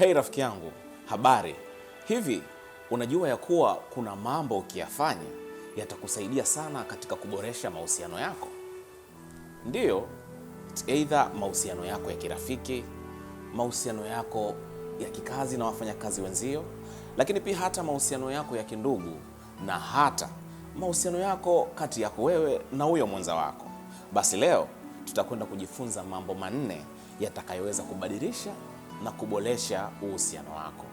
Hei rafiki yangu, habari. Hivi unajua ya kuwa kuna mambo ukiyafanya yatakusaidia sana katika kuboresha mahusiano yako? Ndiyo, aidha mahusiano yako ya kirafiki, mahusiano yako ya kikazi na wafanyakazi wenzio, lakini pia hata mahusiano yako ya kindugu na hata mahusiano yako kati yako wewe na huyo mwenza wako. Basi leo tutakwenda kujifunza mambo manne yatakayoweza kubadilisha na kuboresha uhusiano wako,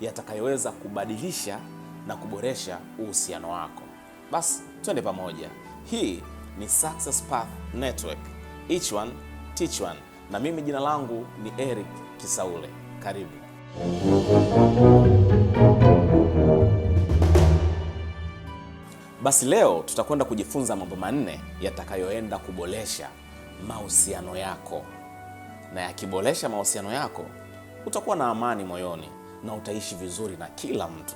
yatakayoweza kubadilisha na kuboresha uhusiano wako. Basi twende pamoja. Hii ni Success Path Network. Each one teach one, na mimi jina langu ni Eric Kisaule. Karibu. Basi leo tutakwenda kujifunza mambo manne yatakayoenda kuboresha mahusiano yako, na yakiboresha mahusiano yako utakuwa na amani moyoni na utaishi vizuri na kila mtu.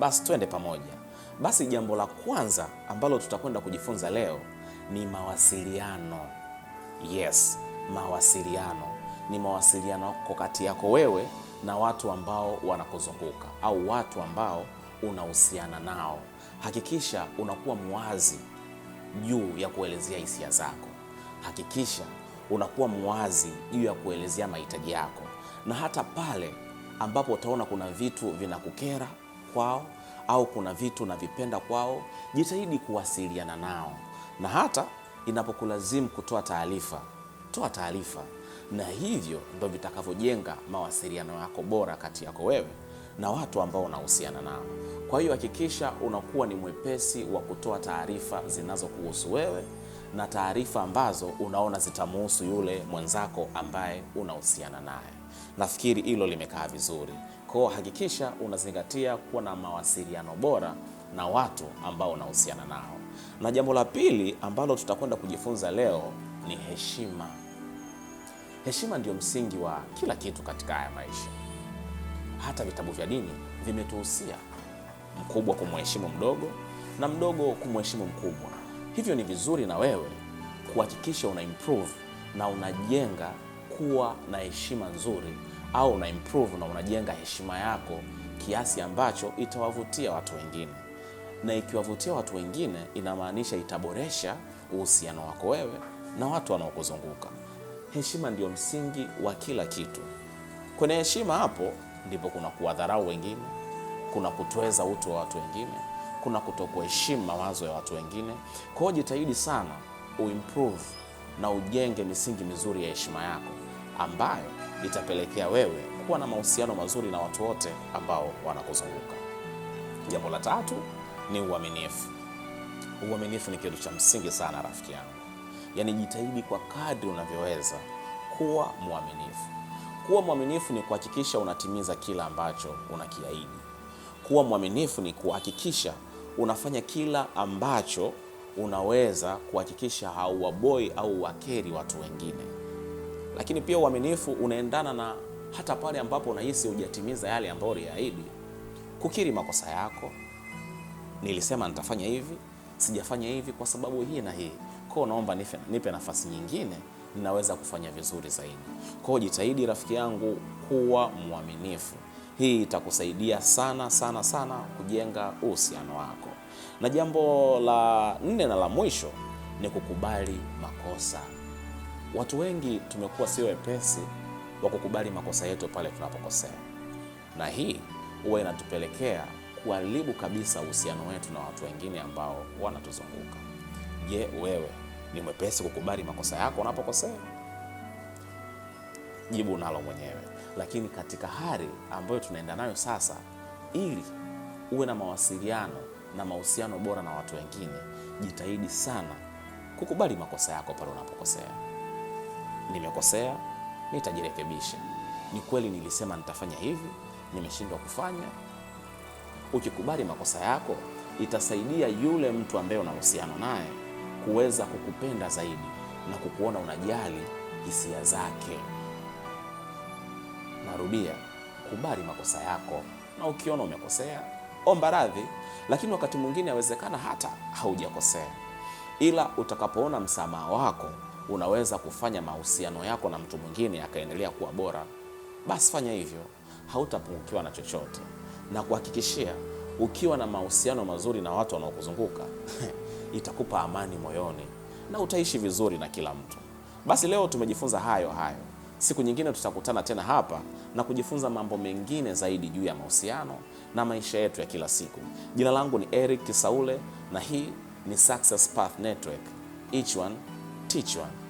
Basi twende pamoja. Basi jambo la kwanza ambalo tutakwenda kujifunza leo ni mawasiliano. Yes, mawasiliano ni mawasiliano kwa kati yako wewe na watu ambao wanakuzunguka au watu ambao unahusiana nao. Hakikisha unakuwa mwazi juu ya kuelezea hisia zako. Hakikisha unakuwa mwazi juu ya kuelezea mahitaji yako na hata pale ambapo utaona kuna vitu vinakukera kwao au kuna vitu navipenda kwao, jitahidi kuwasiliana nao, na hata inapokulazimu kutoa taarifa, toa taarifa, na hivyo ndo vitakavyojenga mawasiliano yako bora kati yako wewe na watu ambao unahusiana nao. Kwa hiyo hakikisha unakuwa ni mwepesi wa kutoa taarifa zinazokuhusu wewe na taarifa ambazo unaona zitamuhusu yule mwenzako ambaye unahusiana naye. Nafikiri hilo limekaa vizuri. Kwa hiyo hakikisha unazingatia kuwa na mawasiliano bora na watu ambao unahusiana nao. Na jambo la pili ambalo tutakwenda kujifunza leo ni heshima. Heshima ndio msingi wa kila kitu katika haya maisha. Hata vitabu vya dini vimetuhusia mkubwa kumheshimu mdogo na mdogo kumheshimu mkubwa. Hivyo ni vizuri na wewe kuhakikisha una improve na unajenga unakuwa na heshima nzuri au una improve na unajenga heshima yako kiasi ambacho itawavutia watu wengine, na ikiwavutia watu wengine inamaanisha itaboresha uhusiano wako wewe na watu wanaokuzunguka. Heshima ndio msingi wa kila kitu. Kwenye heshima, hapo ndipo kuna kuwadharau wengine, kuna kutweza utu wa watu wengine, kuna kutokuheshimu mawazo ya watu wengine. Kwa jitahidi sana uimprove na ujenge misingi mizuri ya heshima yako ambayo itapelekea wewe kuwa na mahusiano mazuri na watu wote ambao wanakuzunguka. Jambo la tatu ni uaminifu. Uaminifu ni kitu cha msingi sana, rafiki yangu. Yaani jitahidi kwa kadri unavyoweza kuwa mwaminifu. Kuwa mwaminifu ni kuhakikisha unatimiza kila ambacho unakiahidi. Kuwa mwaminifu ni kuhakikisha unafanya kila ambacho unaweza kuhakikisha hauwaboi au wakeri watu wengine. Lakini pia uaminifu unaendana na hata pale ambapo unahisi hujatimiza yale ambayo uliahidi, kukiri makosa yako. Nilisema nitafanya hivi, sijafanya hivi kwa sababu hii na hii, kwa naomba nipe nafasi nyingine, ninaweza kufanya vizuri zaidi. Kwa jitahidi rafiki yangu, kuwa mwaminifu. Hii itakusaidia sana sana sana kujenga uhusiano wako. Na jambo la nne na la mwisho ni kukubali makosa. Watu wengi tumekuwa sio wepesi wa kukubali makosa yetu pale tunapokosea, na hii huwa inatupelekea kuharibu kabisa uhusiano wetu na watu wengine ambao wanatuzunguka. Je, wewe ni mwepesi kukubali makosa yako unapokosea? Jibu nalo mwenyewe lakini katika hali ambayo tunaenda nayo sasa, ili uwe na mawasiliano na mahusiano bora na watu wengine, jitahidi sana kukubali makosa yako pale unapokosea. Nimekosea, nitajirekebisha. Ni kweli nilisema nitafanya hivi, nimeshindwa kufanya. Ukikubali makosa yako, itasaidia yule mtu ambaye una uhusiano naye kuweza kukupenda zaidi na kukuona unajali hisia zake. Narudia, kubali makosa yako, na ukiona umekosea omba radhi. Lakini wakati mwingine yawezekana hata haujakosea, ila utakapoona msamaha wako unaweza kufanya mahusiano yako na mtu mwingine akaendelea kuwa bora, basi fanya hivyo, hautapungukiwa na chochote. Na kuhakikishia, ukiwa na mahusiano mazuri na watu wanaokuzunguka itakupa amani moyoni na utaishi vizuri na kila mtu. Basi leo tumejifunza hayo hayo. Siku nyingine tutakutana tena hapa na kujifunza mambo mengine zaidi juu ya mahusiano na maisha yetu ya kila siku. Jina langu ni Eric Kisaule na hii ni Success Path Network. Each one teach one.